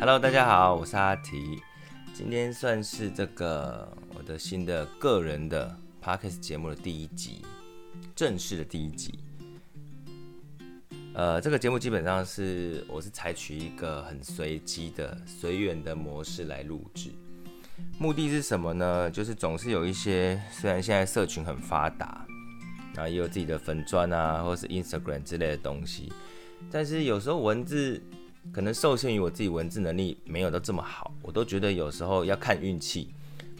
Hello，大家好，我是阿堤。今天算是這個我的新的個人的 podcast 節目的第一集，正式的第一集。呃，這個節目基本上是我是採取一個很隨機的、隨緣的模式來錄製。目的是什麼呢？就是總是有一些，雖然現在社群很發達，然後也有自己的粉專啊，或是 Instagram 之類的東西，但是有時候文字。可能受限於我自己文字能力沒有都這麼好，我都覺得有時候要看運氣，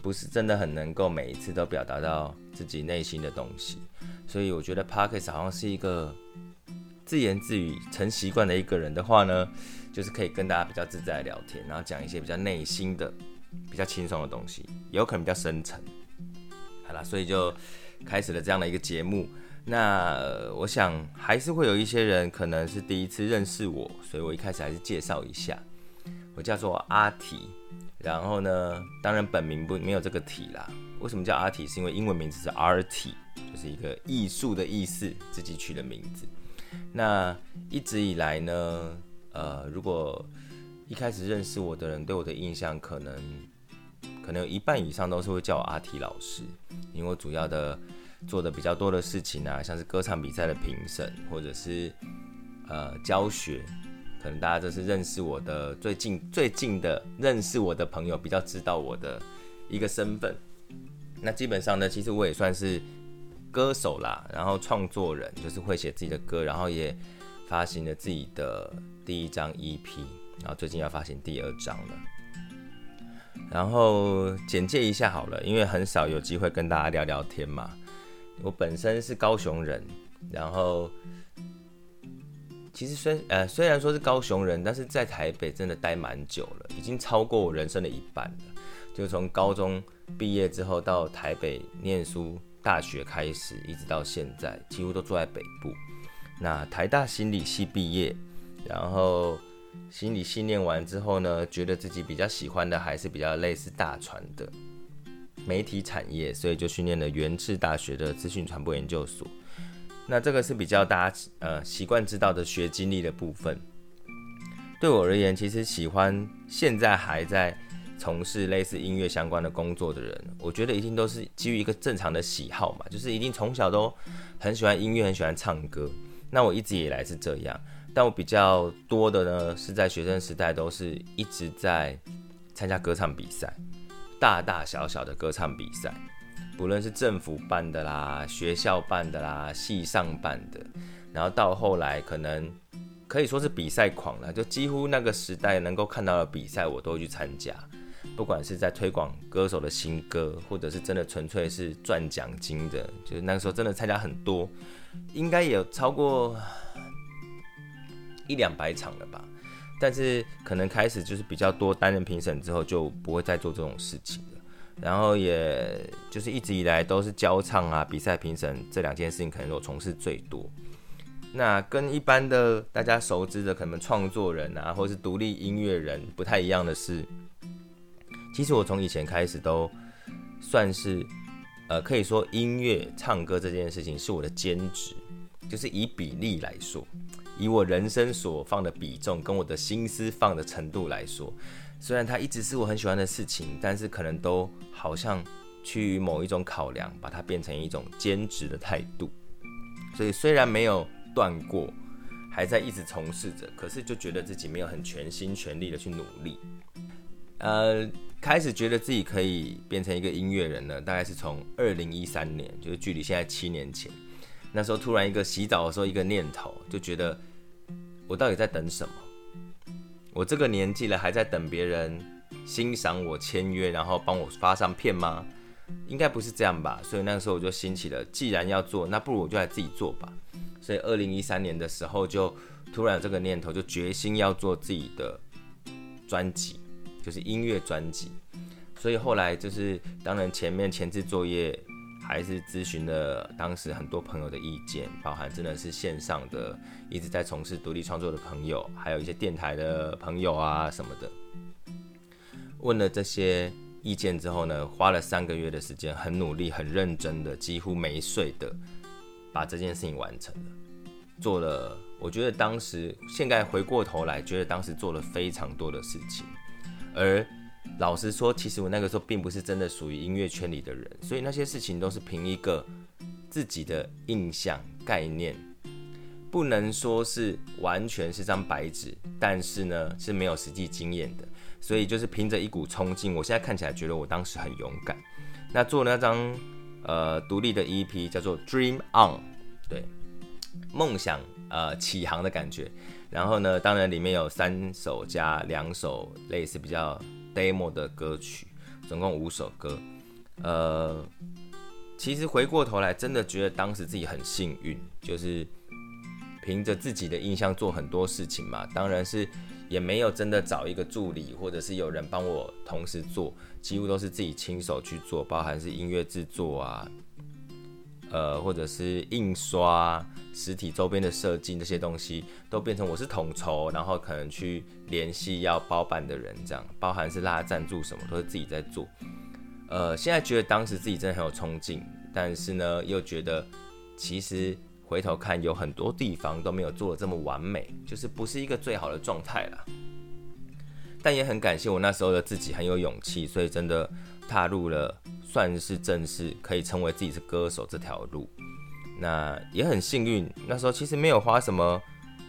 不是真的很能夠每一次都表達到自己內心的東西。所以我覺得 Podcast 好像是一個自言自語成習慣的一個人的話呢，就是可以跟大家比較自在聊天，然後講一些比較內心的、比較輕鬆的東西，也有可能比較深沉。好啦，所以就開始了這樣的一個節目。那我想還是會有一些人可能是第一次認識我，所以我一開始還是介紹一下，我叫做阿堤。然後呢，當然本名不沒有這個堤啦。為什麼叫阿堤？是因為英文名字是 Artie，就是一個藝術的意思，自己取的名字。那一直以來呢，呃，如果一開始認識我的人對我的印象，可能可能有一半以上都是會叫我阿堤老師，因為我主要的。做的比較多的事情啊，像是歌唱比賽的評審，或者是呃教學，可能大家這是認識我的最近，最近的認識我的朋友比較知道我的一個身份。那基本上呢，其實我也算是歌手啦，然後創作人，就是會寫自己的歌，然後也發行了自己的第一張 EP，然後最近要發行第二張了。然後簡介一下好了，因為很少有機會跟大家聊聊天嘛。我本身是高雄人，然後其實雖呃雖然說是高雄人，但是在台北真的待蠻久了，已經超過我人生的一半了。就從高中畢業之後到台北念書、大學開始，一直到現在，幾乎都住在北部。那台大心理系畢業，然後心理系念完之後呢，覺得自己比較喜歡的還是比較類似大傳的，媒體產業，所以就訓練了元智大學的資訊傳播研究所。那這個是比較大家呃習慣知道的學經歷的部分。對我而言，其實喜歡現在還在從事類似音樂相關的工作的人，我覺得一定都是基於一個正常的喜好嘛，就是一定從小都很喜歡音樂，很喜歡唱歌。那我一直以來是這樣，但我比較多的呢，是在學生時代都是一直在參加歌唱比賽。大大小小的歌唱比賽，不論是政府辦的啦、學校辦的啦、系上辦的，然後到後來可能可以說是比賽狂啦，就幾乎那個時代能夠看到的比賽，我都會去參加。不管是在推廣歌手的新歌，或者是真的純粹是賺獎金的，就是那個時候真的參加很多，應該有超過一兩百場了吧。但是可能開始就是比較多擔任評審，之後就不會再做這種事情了，然後也就是一直以來都是教唱啊、比賽評審這兩件事情，可能我從事最多。那跟一般的大家熟知的可能創作人啊，或者是獨立音樂人不太一樣的是，其實我從以前開始都算是，呃，可以說音樂唱歌這件事情是我的兼職，就是以比例來說。以我人生所放的比重跟我的心思放的程度來說，雖然它一直是我很喜歡的事情，但是可能都好像趨於某一種考量，把它變成一種兼職的態度。所以雖然沒有斷過，還在一直從事着，可是就覺得自己沒有很全心全力的去努力。呃，開始覺得自己可以變成一個音樂人呢，大概是從二零一三年，就是距離現在七年前，那時候突然一個洗澡的時候一個念頭，就覺得。我到底在等什麼？我這個年紀了，還在等別人欣賞我、簽約，然後幫我發唱片嗎？應該不是這樣吧。所以那個時候我就興起了，既然要做，那不如我就來自己做吧。所以二零一三年的時候就，就突然這個念頭，就決心要做自己的專輯，就是音樂專輯。所以後來就是，當然前面前置作業。還是諮詢了當時很多朋友的意見，包含真的是線上的，一直在從事獨立創作的朋友，還有一些電台的朋友啊什麼的。問了這些意見之後呢，花了三個月的時間，很努力、很認真的，幾乎沒睡的，把這件事情完成了。做了，我覺得當時，現在回過頭來，覺得當時做了非常多的事情，而。老實說，其實我那個時候並不是真的屬於音樂圈裡的人，所以那些事情都是憑一個自己的印象概念，不能說是完全是張白紙，但是呢是沒有實際經驗的，所以就是憑着一股衝勁。我現在看起來覺得我當時很勇敢，那做那張呃獨立的 EP 叫做《Dream On》，對，夢想呃啟航的感覺。然後呢，當然裡面有三首加兩首類似比較。demo 的歌曲總共五首歌，呃，其實回過頭來真的覺得當時自己很幸運，就是憑着自己的印象做很多事情嘛。當然是也沒有真的找一個助理，或者是有人幫我同時做，幾乎都是自己親手去做，包含是音樂制作啊，呃，或者是印刷啊。實體週邊的設計，這些東西都變成我是統籌，然後可能去聯繫要包辦的人，這樣包含是拉贊助什麼，都是自己在做。呃，現在覺得當時自己真的很有衝勁，但是呢，又覺得其實回頭看有很多地方都沒有做得這麼完美，就是不是一個最好的狀態了。但也很感謝我那時候的自己很有勇氣，所以真的踏入了算是正式可以稱為自己是歌手這條路。那也很幸運，那時候其實沒有花什麼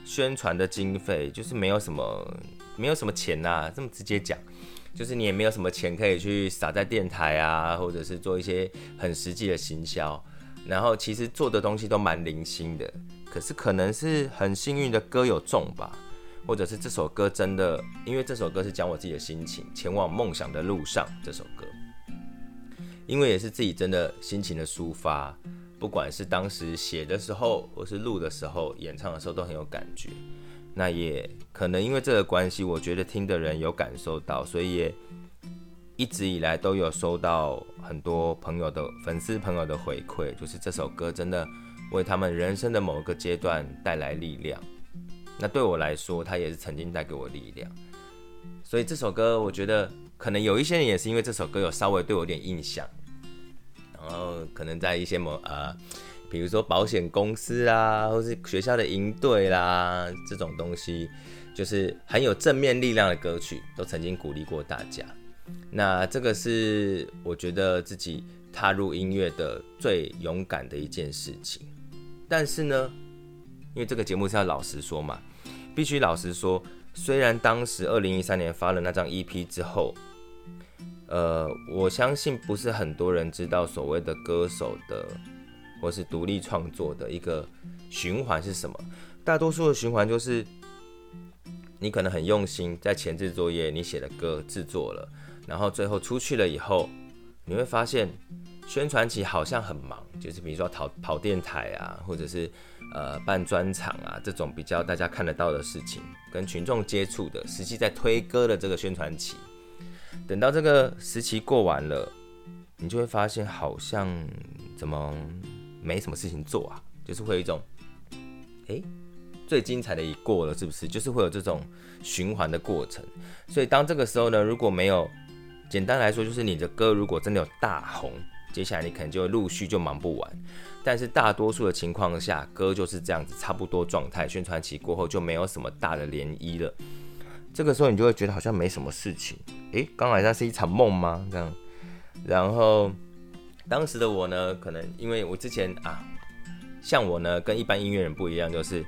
宣傳的經費，就是沒有什麼，沒有什麼錢吶、啊。這麼直接講，就是你也沒有什麼錢可以去撒在電台啊，或者是做一些很實際的行銷。然後其實做的東西都蠻零星的，可是可能是很幸運的歌有中吧，或者是這首歌真的，因為這首歌是講我自己的心情，《前往夢想的路上》這首歌，因為也是自己真的心情的抒發。不管是當時寫的時候，或是錄的時候、演唱的時候，都很有感覺。那也可能因為這個關係，我覺得聽的人有感受到，所以也一直以來都有收到很多朋友的粉絲朋友的回饋，就是這首歌真的為他們人生的某個階段帶來力量。那對我來說，它也是曾經帶給我力量。所以這首歌，我覺得可能有一些人也是因為這首歌有稍微對我有點印象。然後可能在一些某呃，比如說保險公司啊，或是學校的營隊啦，這種東西，就是很有正面力量的歌曲，都曾經鼓勵過大家。那這個是我覺得自己踏入音樂的最勇敢的一件事情。但是呢，因為這個節目是要老實說嘛，必須老實說，雖然當時二零一三年發了那張 EP 之後。呃，我相信不是很多人知道所謂的歌手的，或是獨立創作的一個循環是什麼？大多數的循環就是，你可能很用心在前置作業，你寫的歌製作了，然後最後出去了以後，你會發現宣傳期好像很忙，就是比如說跑跑電台啊，或者是呃辦專場啊這種比較大家看得到的事情，跟群眾接觸的，實際在推歌的這個宣傳期。等到這個時期過完了，你就會發現好像怎麼沒什麼事情做啊，就是會有一種，欸，最精彩的一過了，是不是？就是會有這種循環的過程。所以當這個時候呢，如果沒有，簡單來說就是你的歌如果真的有大紅，接下來你可能就會陸續就忙不完。但是大多數的情況下，歌就是這樣子，差不多狀態，宣傳期過後就沒有什麼大的漣漪了。這個時候你就會覺得好像沒什麼事情，誒，剛好像是一場夢嗎？這樣，然後當時的我呢，可能因為我之前啊，像我呢跟一般音樂人不一樣，就是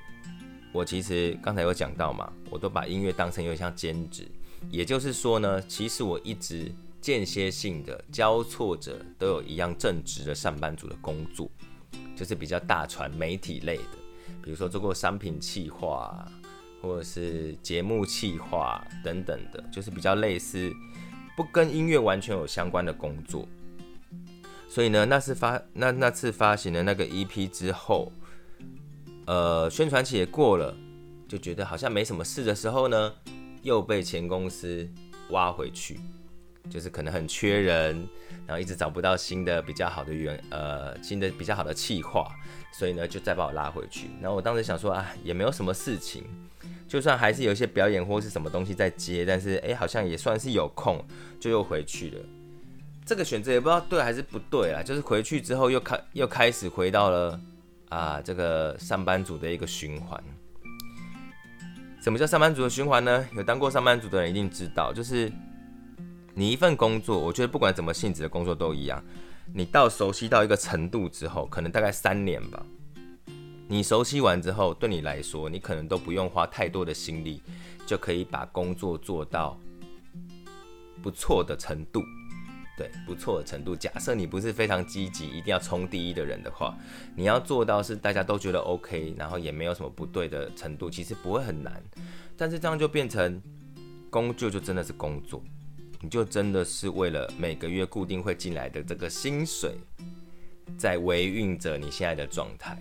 我其實剛才有講到嘛，我都把音樂當成有一項兼職，也就是說呢，其實我一直間歇性的交錯着都有一樣正職的上班族的工作，就是比較大傳媒體類的，比如說做過商品企劃。或者是節目企劃等等的，就是比較類似，不跟音樂完全有相關的工作。所以呢，那次發那那次發行的那個 EP 之後，呃，宣傳期也過了，就覺得好像沒什麼事的時候呢，又被前公司挖回去，就是可能很缺人，然後一直找不到新的比較好的原，呃新的比較好的企劃。所以呢，就再把我拉回去。然後我當時想說啊，也沒有什麼事情，就算還是有一些表演或是什麼東西在接，但是哎，好像也算是有空，就又回去了。這個選擇也不知道對還是不對啊。就是回去之後又開又開始回到了，啊，這個上班族的一個循環。什麼叫上班族的循環呢？有當過上班族的人一定知道，就是你一份工作，我覺得不管怎麼性質的工作都一樣。你到熟悉到一個程度之後，可能大概三年吧。你熟悉完之後，對你來說，你可能都不用花太多的心力，就可以把工作做到不錯的程度。對，不錯的程度。假設你不是非常積極，一定要衝第一的人的話，你要做到是大家都覺得 OK，然後也沒有什麼不對的程度，其實不會很難。但是這樣就變成工作，就真的是工作。你就真的是為了每個月固定會進來的這個薪水，在維運着你現在的狀態。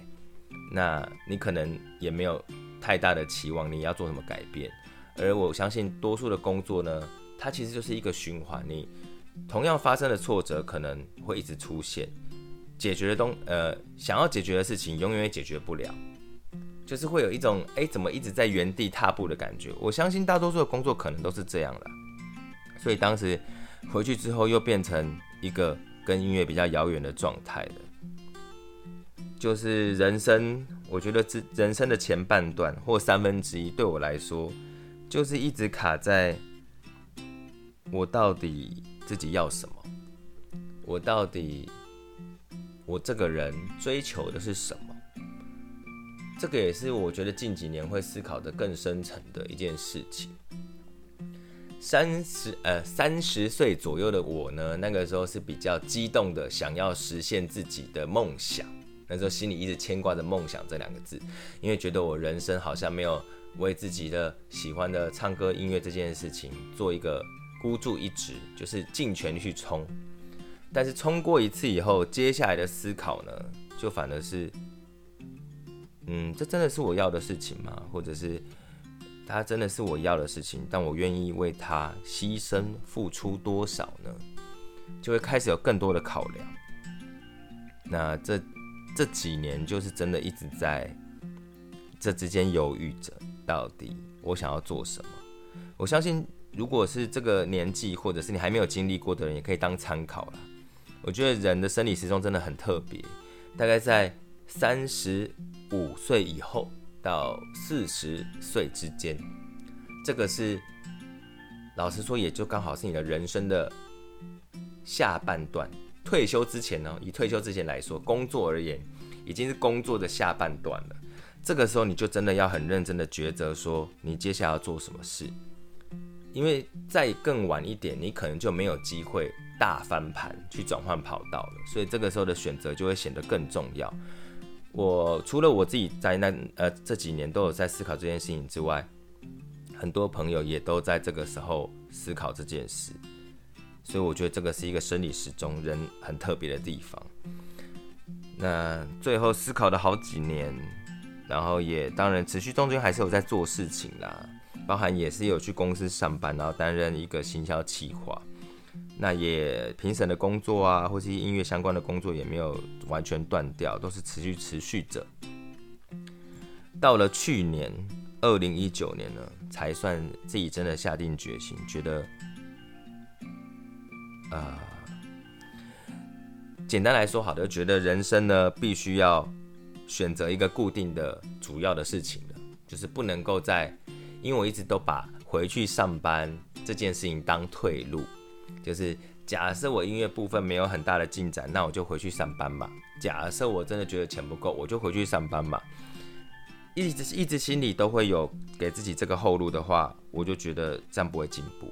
那你可能也沒有太大的期望，你要做什麼改變。而我相信多數的工作呢，它其實就是一個循環。你同樣發生的挫折可能會一直出現，解決的東呃，想要解決的事情永遠也解決不了，就是會有一種哎、欸、怎麼一直在原地踏步的感覺。我相信大多數的工作可能都是這樣了。所以當時回去之後，又變成一個跟音樂比較遙遠的狀態了。就是人生，我覺得這人生的前半段或三分之一，對我來說，就是一直卡在我到底自己要什麼，我到底我這個人追求的是什麼。這個也是我覺得近幾年會思考的更深層的一件事情。三十，呃，三十歲左右的我呢，那個時候是比較激動的，想要實現自己的夢想。那時候心裡一直牽掛着“夢想”這兩個字，因為覺得我人生好像沒有為自己的喜歡的唱歌音樂這件事情做一個孤注一擲，就是盡全力去衝。但是衝過一次以後，接下來的思考呢，就反而是，嗯，這真的是我要的事情嗎？或者是⋯⋯它真的是我要的事情，但我願意為它犧牲付出多少呢？就會開始有更多的考量。那這這幾年就是真的一直在這之間猶豫着，到底我想要做什麼。我相信，如果是這個年紀或者是你還沒有經歷過的人，也可以當參考啦。我覺得人的生理時鐘真的很特別，大概在三十五歲以後。到四十歲之間，這個是老實說，也就剛好是你的人生的下半段。退休之前呢，以退休之前來說，工作而言，已經是工作的下半段了。這個時候，你就真的要很認真的抉擇，說你接下來要做什麼事。因為再更晚一點，你可能就沒有機會大翻盤去轉換跑道了。所以，這個時候的選擇就會顯得更重要。我除了我自己在那呃這幾年都有在思考這件事情之外，很多朋友也都在這個時候思考這件事，所以我覺得這個是一個生理時鐘人很特別的地方。那最後思考了好幾年，然後也當然持續中間還是有在做事情啦，包含也是有去公司上班，然後擔任一個行銷企劃。那也評審的工作啊，或是音樂相關的工作也沒有完全斷掉，都是持續持續着。到了去年二零一九年呢，才算自己真的下定決心，覺得，呃，簡單來說，好的，覺得人生呢必須要選擇一個固定的主要的事情了，就是不能夠再，因為我一直都把回去上班這件事情當退路。就是假設我音樂部分沒有很大的進展，那我就回去上班嘛。假設我真的覺得錢不夠，我就回去上班嘛。一直一直心裡都會有給自己這個後路的話，我就覺得這樣不會進步。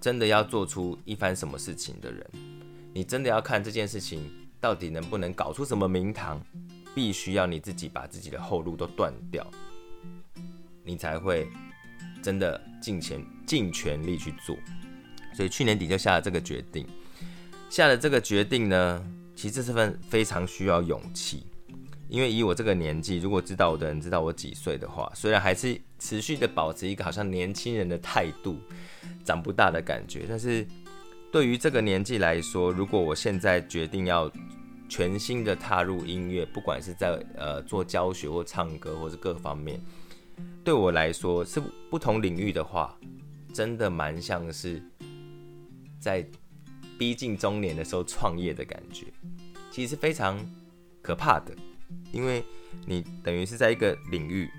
真的要做出一番什麼事情的人，你真的要看這件事情到底能不能搞出什麼名堂。必須要你自己把自己的後路都斷掉，你才會真的盡盡全力去做。所以去年底就下了這個決定，下了這個決定呢，其實這是份非常需要勇氣，因為以我這個年紀，如果知道我的人知道我幾歲的話，雖然還是持續的保持一個好像年輕人的態度，長不大的感覺，但是對於這個年紀來說，如果我現在決定要全新的踏入音樂，不管是在呃做教學或唱歌或者各方面，對我來說是不同領域的話，真的蠻像是。在逼近中年的時候創業的感覺，其實非常可怕的，因為你等於是在一個領域，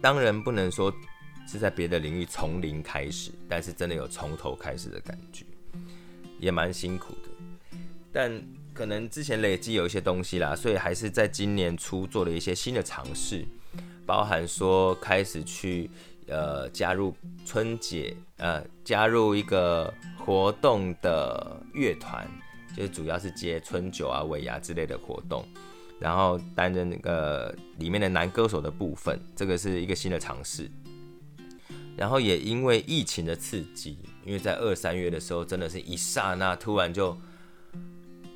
當然不能說是在別的領域從零開始，但是真的有從頭開始的感覺，也蠻辛苦的。但可能之前累積有一些東西啦，所以還是在今年初做了一些新的嘗試，包含說開始去。呃，加入春節，呃，加入一個活動的樂團，就是主要是接春酒啊、尾牙之類的活動，然後擔任那個裡面的男歌手的部分，這個是一個新的嘗試。然後也因為疫情的刺激，因為在二三月的時候，真的是一剎那突然就，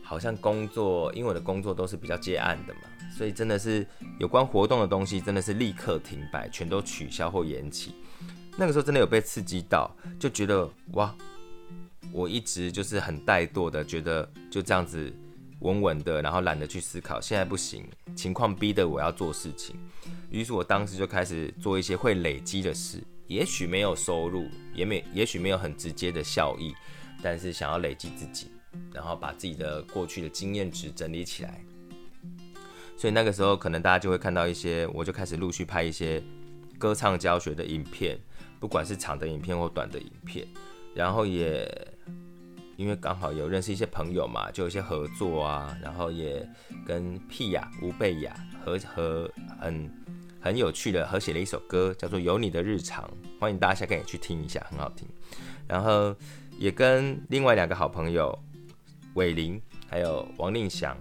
好像工作，因為我的工作都是比較接案的嘛。所以真的是有關活動的東西，真的是立刻停擺，全都取消或延期。那個時候真的有被刺激到，就覺得哇，我一直就是很怠惰的，覺得就這樣子穩穩的，然後懶得去思考。現在不行，情況逼得我要做事情，於是我當時就開始做一些會累積的事。也許沒有收入，也沒也許沒有很直接的效益，但是想要累積自己，然後把自己的過去的經驗值整理起來。所以那個時候，可能大家就會看到一些，我就開始陸續拍一些歌唱教學的影片，不管是長的影片或短的影片。然後也因為剛好有認識一些朋友嘛，就有一些合作啊。然後也跟 Pia 吳蓓雅合合很很有趣的合寫了一首歌，叫做《有你的日常》，歡迎大家可以去聽一下，很好聽。然後也跟另外兩個好朋友偉林還有王令祥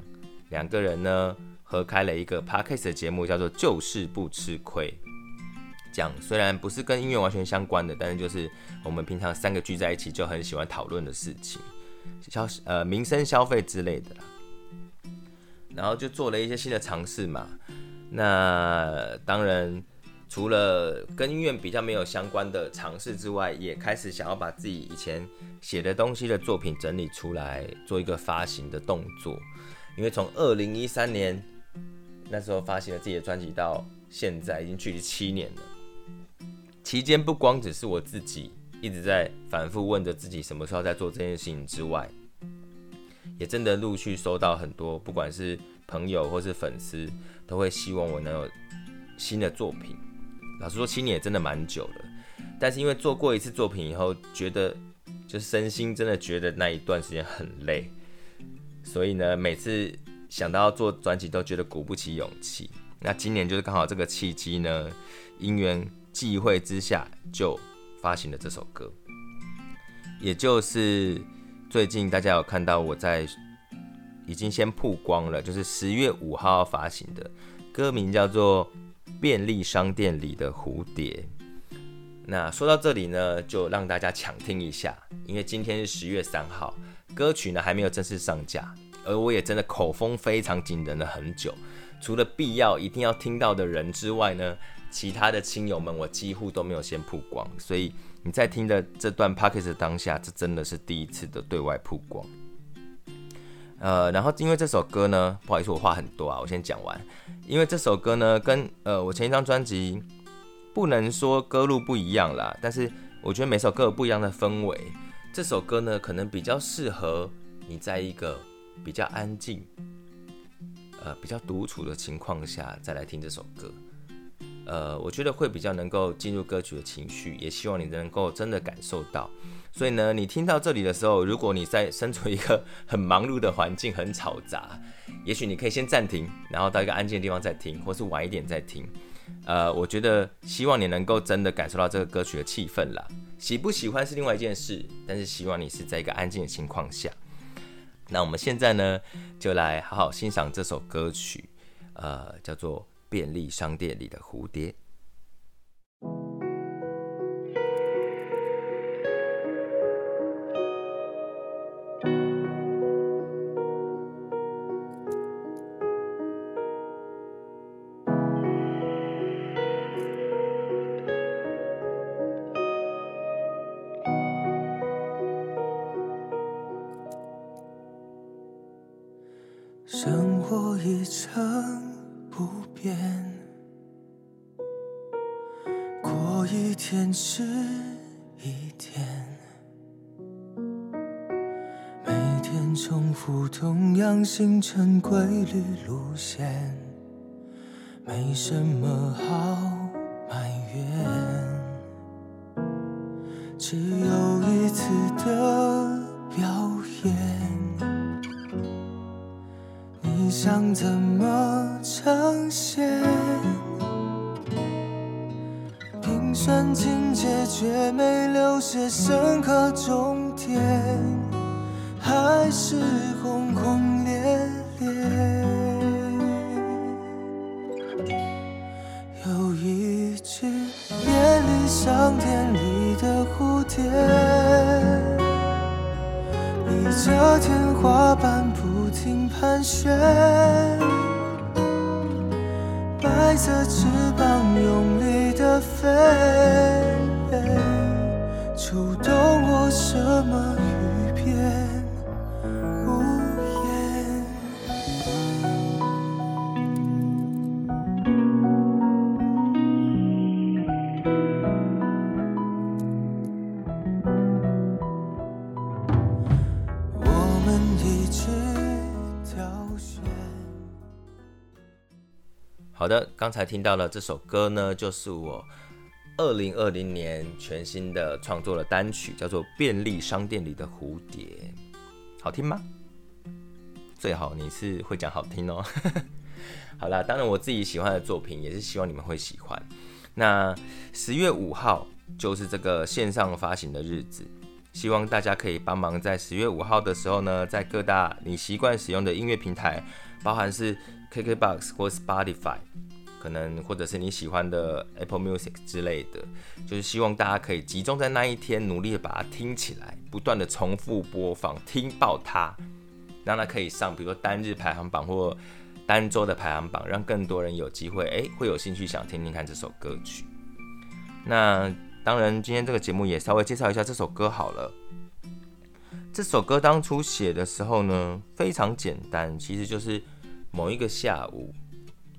兩個人呢。合開了一個 podcast 的節目，叫做《就是不吃虧》，講雖然不是跟音樂完全相關的，但是就是我們平常三個聚在一起就很喜歡討論的事情，消呃民生消費之類的啦。然後就做了一些新的嘗試嘛。那當然，除了跟音樂比較沒有相關的嘗試之外，也開始想要把自己以前寫的東西的作品整理出來，做一個發行的動作，因為從二零一三年。那時候發行了自己的專輯，到現在已經距離七年了。期間不光只是我自己一直在反覆問着自己什麼時候再做這件事情之外，也真的陸續收到很多，不管是朋友或是粉絲，都會希望我能有新的作品。老實說，七年也真的蠻久了，但是因為做過一次作品以後，覺得就是身心真的覺得那一段時間很累，所以呢，每次。想到做專輯都覺得鼓不起勇氣，那今年就是剛好這個契機呢，因緣際會之下就發行了這首歌，也就是最近大家有看到我在已經先曝光了，就是十月五號發行的歌名叫做《便利商店裡的蝴蝶》。那說到這裡呢，就讓大家搶聽一下，因為今天是十月三號，歌曲呢還沒有正式上架。而我也真的口風非常緊，忍了很久，除了必要一定要聽到的人之外呢，其他的親友們我幾乎都沒有先曝光。所以你在聽的這段 p a c k e 當下，這真的是第一次的對外曝光。呃，然後因為這首歌呢，不好意思，我話很多啊，我先講完。因為這首歌呢，跟呃我前一張專輯不能說歌路不一樣啦，但是我覺得每首歌有不一樣的氛圍，這首歌呢可能比較適合你在一個。比較安靜，呃，比較獨處的情況下再來聽這首歌，呃，我覺得會比較能夠進入歌曲的情緒，也希望你能夠真的感受到。所以呢，你聽到這裡的時候，如果你在身處一個很忙碌的環境、很嘈雜，也許你可以先暫停，然後到一個安靜的地方再聽，或是晚一點再聽。呃，我覺得希望你能夠真的感受到這個歌曲的氣氛啦。喜不喜歡是另外一件事，但是希望你是在一個安靜的情況下。那我們現在呢，就來好好欣賞這首歌曲，呃，叫做《便利商店裡的蝴蝶》。成不變，過一天是一天，每天重複同樣行程，規律路線，沒什麼好。雪。好的，剛才聽到了這首歌呢，就是我二零二零年全新的創作的單曲，叫做《便利商店裡的蝴蝶》，好聽嗎？最好你是會講好聽哦、喔。 好啦，當然我自己喜歡的作品，也是希望你們會喜歡。那十月五號就是這個線上發行的日子，希望大家可以幫忙在十月五號的時候呢，在各大你習慣使用的音樂平台。包含是 KKBOX 或 Spotify，可能或者是你喜歡的 Apple Music 之類的,就是希望大家可以集中在那一天努力的把它聽起來，不斷的重複播放，聽爆它，讓它可以上，比如說單日排行榜或單周的排行榜，讓更多人有機會，誒、欸，會有興趣想聽聽看這首歌曲。那當然，今天這個節目也稍微介紹一下這首歌好了。這首歌當初寫的時候呢，非常簡單，其實就是某一個下午，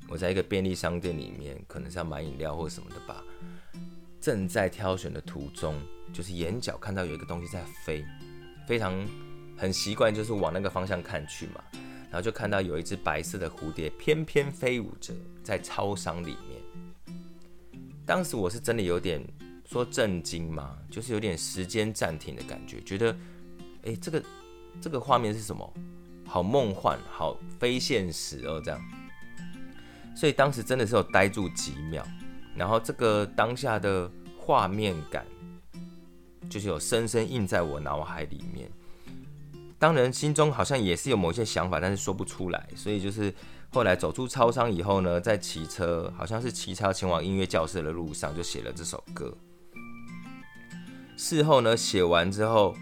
我在一個便利商店裡面，可能是要買飲料或什麼的吧。正在挑選的途中，就是眼角看到有一個東西在飛，非常很習慣，就是往那個方向看去嘛。然後就看到有一只白色的蝴蝶翩翩飛舞着在超商裡面。當時我是真的有點說震驚嘛，就是有點時間暫停的感覺，覺得。誒，這個這個畫面是什麼？好夢幻，好非現實哦，這樣。所以當時真的是有呆住幾秒，然後這個當下的畫面感，就是有深深印在我腦海裡面。當然，心中好像也是有某些想法，但是說不出來。所以就是後來走出超商以後呢，在騎車，好像是騎車前往音樂教室的路上，就寫了這首歌。事後呢，寫完之後。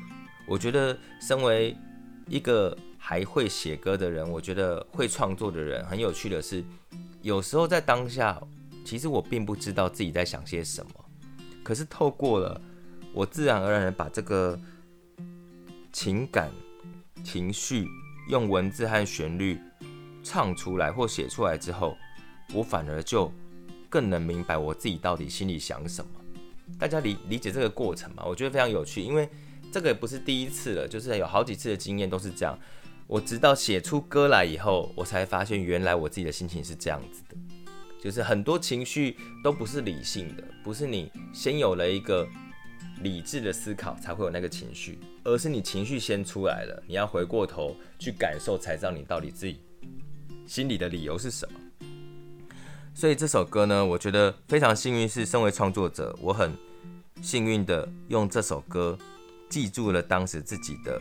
我覺得身為一個還會寫歌的人，我覺得會創作的人很有趣的是，有時候在當下，其實我並不知道自己在想些什麼。可是透過了我自然而然的把這個情感、情緒用文字和旋律唱出來或寫出來之後，我反而就更能明白我自己到底心裡想什麼。大家理理解這個過程嗎？我覺得非常有趣，因為。這個也不是第一次了，就是有好幾次的經驗都是這樣。我直到寫出歌來以後，我才發現原來我自己的心情是這樣子的，就是很多情緒都不是理性的，不是你先有了一個理智的思考才會有那個情緒，而是你情緒先出來了，你要回過頭去感受，才知道你到底自己心裡的理由是什麼。所以這首歌呢，我覺得非常幸運，是身為創作者，我很幸運的用這首歌。記住了當時自己的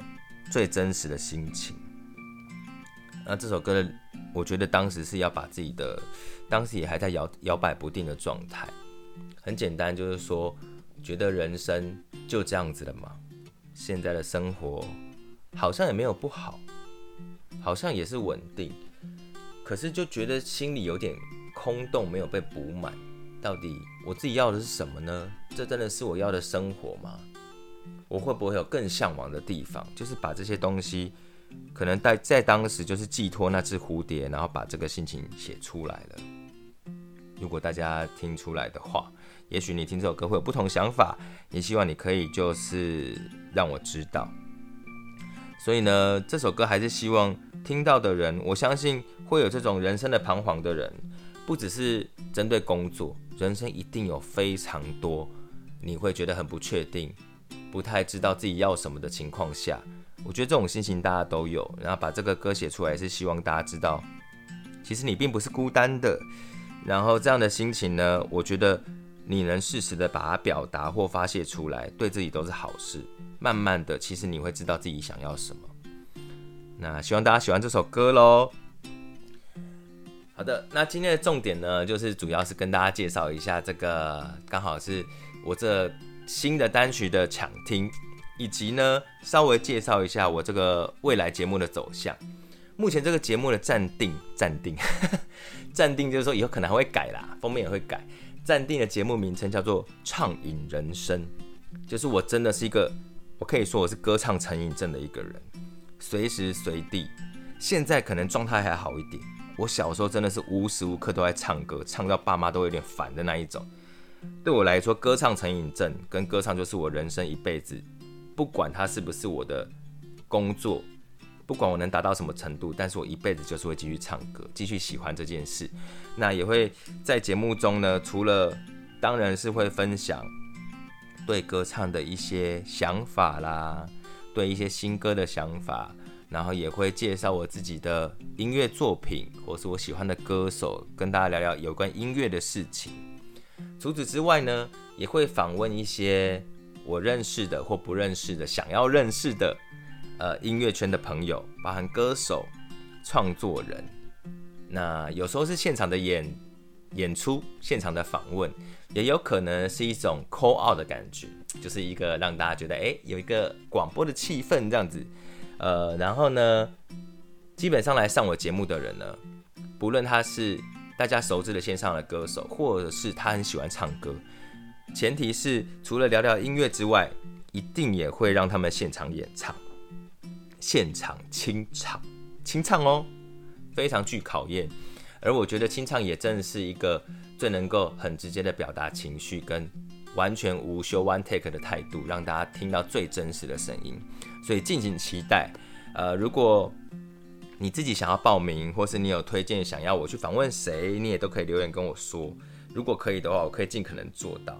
最真實的心情。那這首歌，我覺得當時是要把自己的，當時也還在搖搖擺不定的狀態。很簡單，就是說，覺得人生就這樣子了嘛。現在的生活好像也沒有不好，好像也是穩定，可是就覺得心裡有點空洞，沒有被補滿。到底我自己要的是什麼呢？這真的是我要的生活嗎？我會不會有更嚮往的地方？就是把這些東西，可能在在當時就是寄託那隻蝴蝶，然後把這個心情寫出來了。如果大家聽出來的話，也許你聽這首歌會有不同想法。也希望你可以就是讓我知道。所以呢，這首歌還是希望聽到的人，我相信會有這種人生的彷徨的人，不只是針對工作，人生一定有非常多，你會覺得很不確定。不太知道自己要什麼的情況下，我覺得這種心情大家都有。然後把這個歌寫出來，是希望大家知道，其實你並不是孤單的。然後這樣的心情呢，我覺得你能適時的把它表達或發洩出來，對自己都是好事。慢慢的，其實你會知道自己想要什麼。那希望大家喜歡這首歌嘍。好的，那今天的重點呢，就是主要是跟大家介紹一下這個，剛好是我這。新的單曲的搶聽，以及呢，稍微介紹一下我這個未來節目的走向。目前這個節目的暫定，暫定，呵呵暫定就是說以後可能還會改啦，封面也會改。暫定的節目名稱叫做《唱癮人生》，就是我真的是一個，我可以說我是歌唱成癮症的一個人，隨時隨地。現在可能狀態還好一點，我小時候真的是無時無刻都在唱歌，唱到爸媽都有點煩的那一種。對我來說，歌唱成癮症跟歌唱就是我人生一輩子，不管它是不是我的工作，不管我能達到什麼程度，但是我一輩子就是會繼續唱歌，繼續喜歡這件事。那也會在節目中呢，除了當然是會分享對歌唱的一些想法啦，對一些新歌的想法，然後也會介紹我自己的音樂作品，或是我喜歡的歌手，跟大家聊聊有關音樂的事情。除此之外呢，也會訪問一些我認識的或不認識的、想要認識的，呃，音樂圈的朋友，包含歌手、創作人。那有時候是現場的演演出，現場的訪問，也有可能是一種 call out 的感覺，就是一個讓大家覺得誒，有一個廣播的氣氛這樣子。呃，然後呢，基本上來上我節目的人呢，不論他是。大家熟知的線上的歌手，或者是他很喜歡唱歌，前提是除了聊聊音樂之外，一定也會讓他們現場演唱，現場清唱，清唱哦，非常具考驗。而我覺得清唱也真是一個最能夠很直接的表達情緒，跟完全無修 one take 的態度，讓大家聽到最真實的聲音。所以敬請期待。呃，如果你自己想要報名，或是你有推薦想要我去訪問誰，你也都可以留言跟我說。如果可以的話，我可以盡可能做到。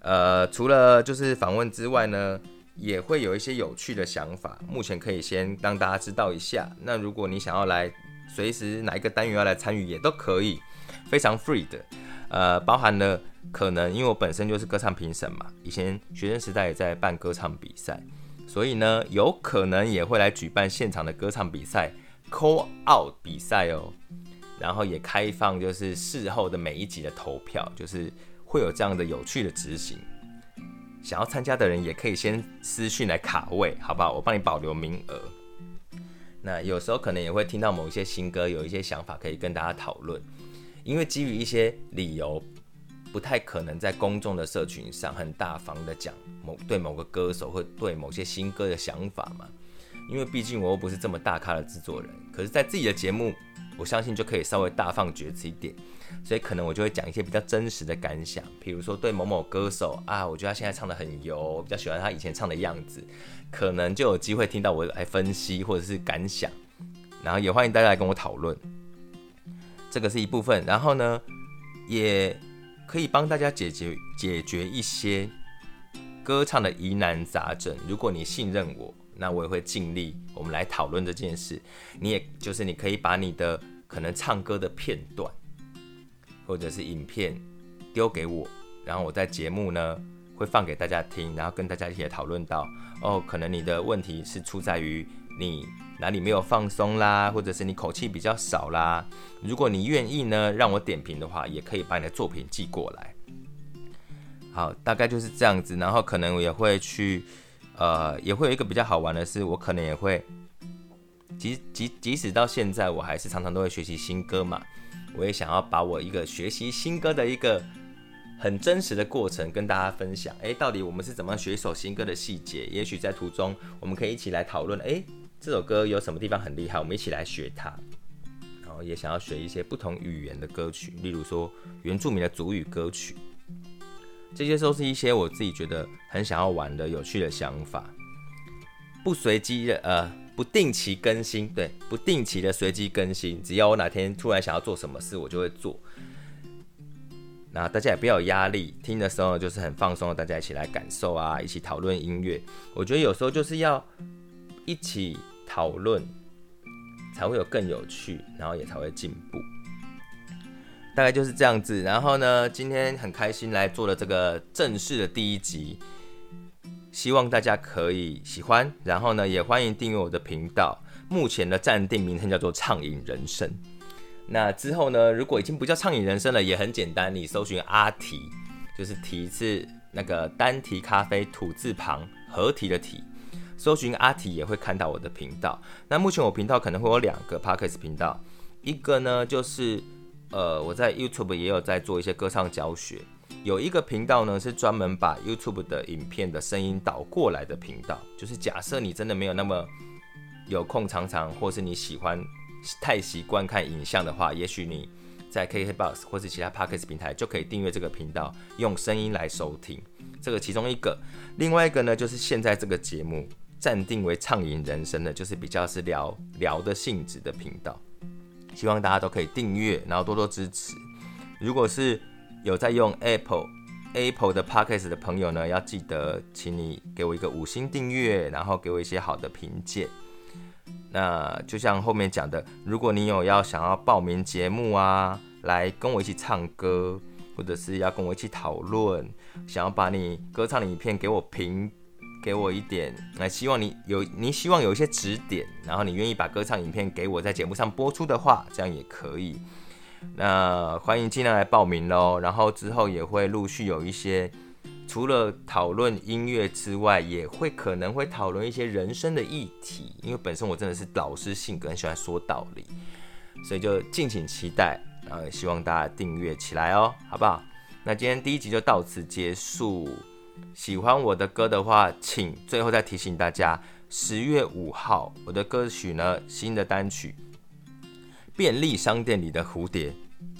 呃，除了就是訪問之外呢，也會有一些有趣的想法。目前可以先讓大家知道一下。那如果你想要來，隨時哪一個單元要來參與也都可以，非常 free 的。呃，包含了可能，因為我本身就是歌唱評審嘛，以前學生時代也在辦歌唱比賽。所以呢，有可能也會來舉辦現場的歌唱比賽，call out 比賽哦，然後也開放就是事後的每一集的投票，就是會有這樣的有趣的執行。想要參加的人也可以先私訊來卡位，好不好？我幫你保留名額。那有時候可能也會聽到某一些新歌，有一些想法可以跟大家討論，因為基於一些理由。不太可能在公眾的社群上很大方的講某對某個歌手或對某些新歌的想法嘛，因為畢竟我又不是這麼大咖的制作人。可是，在自己的節目，我相信就可以稍微大放厥詞一點，所以可能我就會講一些比較真實的感想，比如說對某某歌手啊，我覺得他現在唱得很油，比較喜歡他以前唱的樣子，可能就有機會聽到我來分析或者是感想，然後也歡迎大家來跟我討論，這個是一部分。然後呢，也。可以幫大家解決解決一些歌唱的疑難雜症。如果你信任我，那我也會盡力。我們來討論這件事。你也就是你可以把你的可能唱歌的片段或者是影片丟給我，然後我在節目呢會放給大家聽，然後跟大家一起討論到哦，可能你的問題是出在於你。哪裡沒有放鬆啦，或者是你口氣比較少啦？如果你願意呢，讓我點評的話，也可以把你的作品寄過來。好，大概就是這樣子。然後可能我也會去，呃，也會有一個比較好玩的是，我可能也會，即即，即使到現在，我還是常常都會學習新歌嘛。我也想要把我一個學習新歌的一個很真實的過程跟大家分享。哎、欸，到底我們是怎麼學一首新歌的細節？也許在途中，我們可以一起來討論。哎、欸。這首歌有什麼地方很厲害？我們一起來學它，然後也想要學一些不同語言的歌曲，例如說原住民的族語歌曲，這些都是一些我自己覺得很想要玩的有趣的想法。不隨機的，呃，不定期更新，對，不定期的隨機更新，只要我哪天突然想要做什麼事，我就會做。那大家也不要有壓力，聽的時候就是很放鬆，大家一起來感受啊，一起討論音樂。我覺得有時候就是要一起。討論才會有更有趣，然後也才會進步。大概就是這樣子。然後呢，今天很開心來做了這個正式的第一集，希望大家可以喜歡。然後呢，也歡迎訂閱我的頻道。目前的暫定名稱叫做“唱癮人生”。那之後呢，如果已經不叫“唱癮人生”了，也很簡單，你搜尋“阿堤”，就是“提”字那個單“提”咖啡“土”字旁合體的體“提”的“提”。搜尋阿堤也會看到我的頻道。那目前我頻道可能會有兩個 Podcast 頻道，一個呢就是呃我在 YouTube 也有在做一些歌唱教學，有一個頻道呢是專門把 YouTube 的影片的聲音導過來的頻道。就是假設你真的沒有那麼有空常常，或是你喜歡太習慣看影像的話，也許你在 KKBox 或者其他 Podcast 平台就可以訂閱這個頻道，用聲音來收聽。這個其中一個。另外一個呢就是現在這個節目。暫定為唱癮人生的就是比較是聊聊的性質的頻道，希望大家都可以訂閱，然後多多支持。如果是有在用 Apple Apple 的 Podcast 的朋友呢，要記得請你給我一個五星訂閱，然後給我一些好的評鑑。那就像後面講的，如果你有要想要報名節目啊，來跟我一起唱歌，或者是要跟我一起討論，想要把你歌唱的影片給我評。給我一點，那希望你有，你希望有一些指點，然後你願意把歌唱影片給我在節目上播出的話，這樣也可以。那歡迎盡量來報名嘍，然後之後也會陸續有一些，除了討論音樂之外，也會可能會討論一些人生的議題，因為本身我真的是老師性格，很喜歡說道理，所以就敬請期待。呃，希望大家訂閱起來哦，好不好？那今天第一集就到此結束。喜歡我的歌的話，請最後再提醒大家，十月五號我的歌曲呢，新的單曲《便利商店裡的蝴蝶》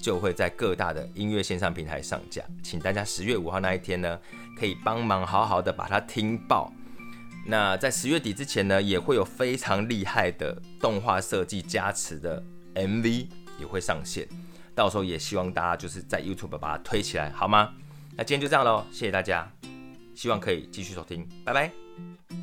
就會在各大的音樂線上平台上架，請大家十月五號那一天呢，可以幫忙好好的把它聽爆。那在十月底之前呢，也會有非常厲害的動畫設計加持的 MV 也會上線，到時候也希望大家就是在 YouTube 把它推起來，好嗎？那今天就這樣嘍，謝謝大家。希望可以繼續收聽，拜拜。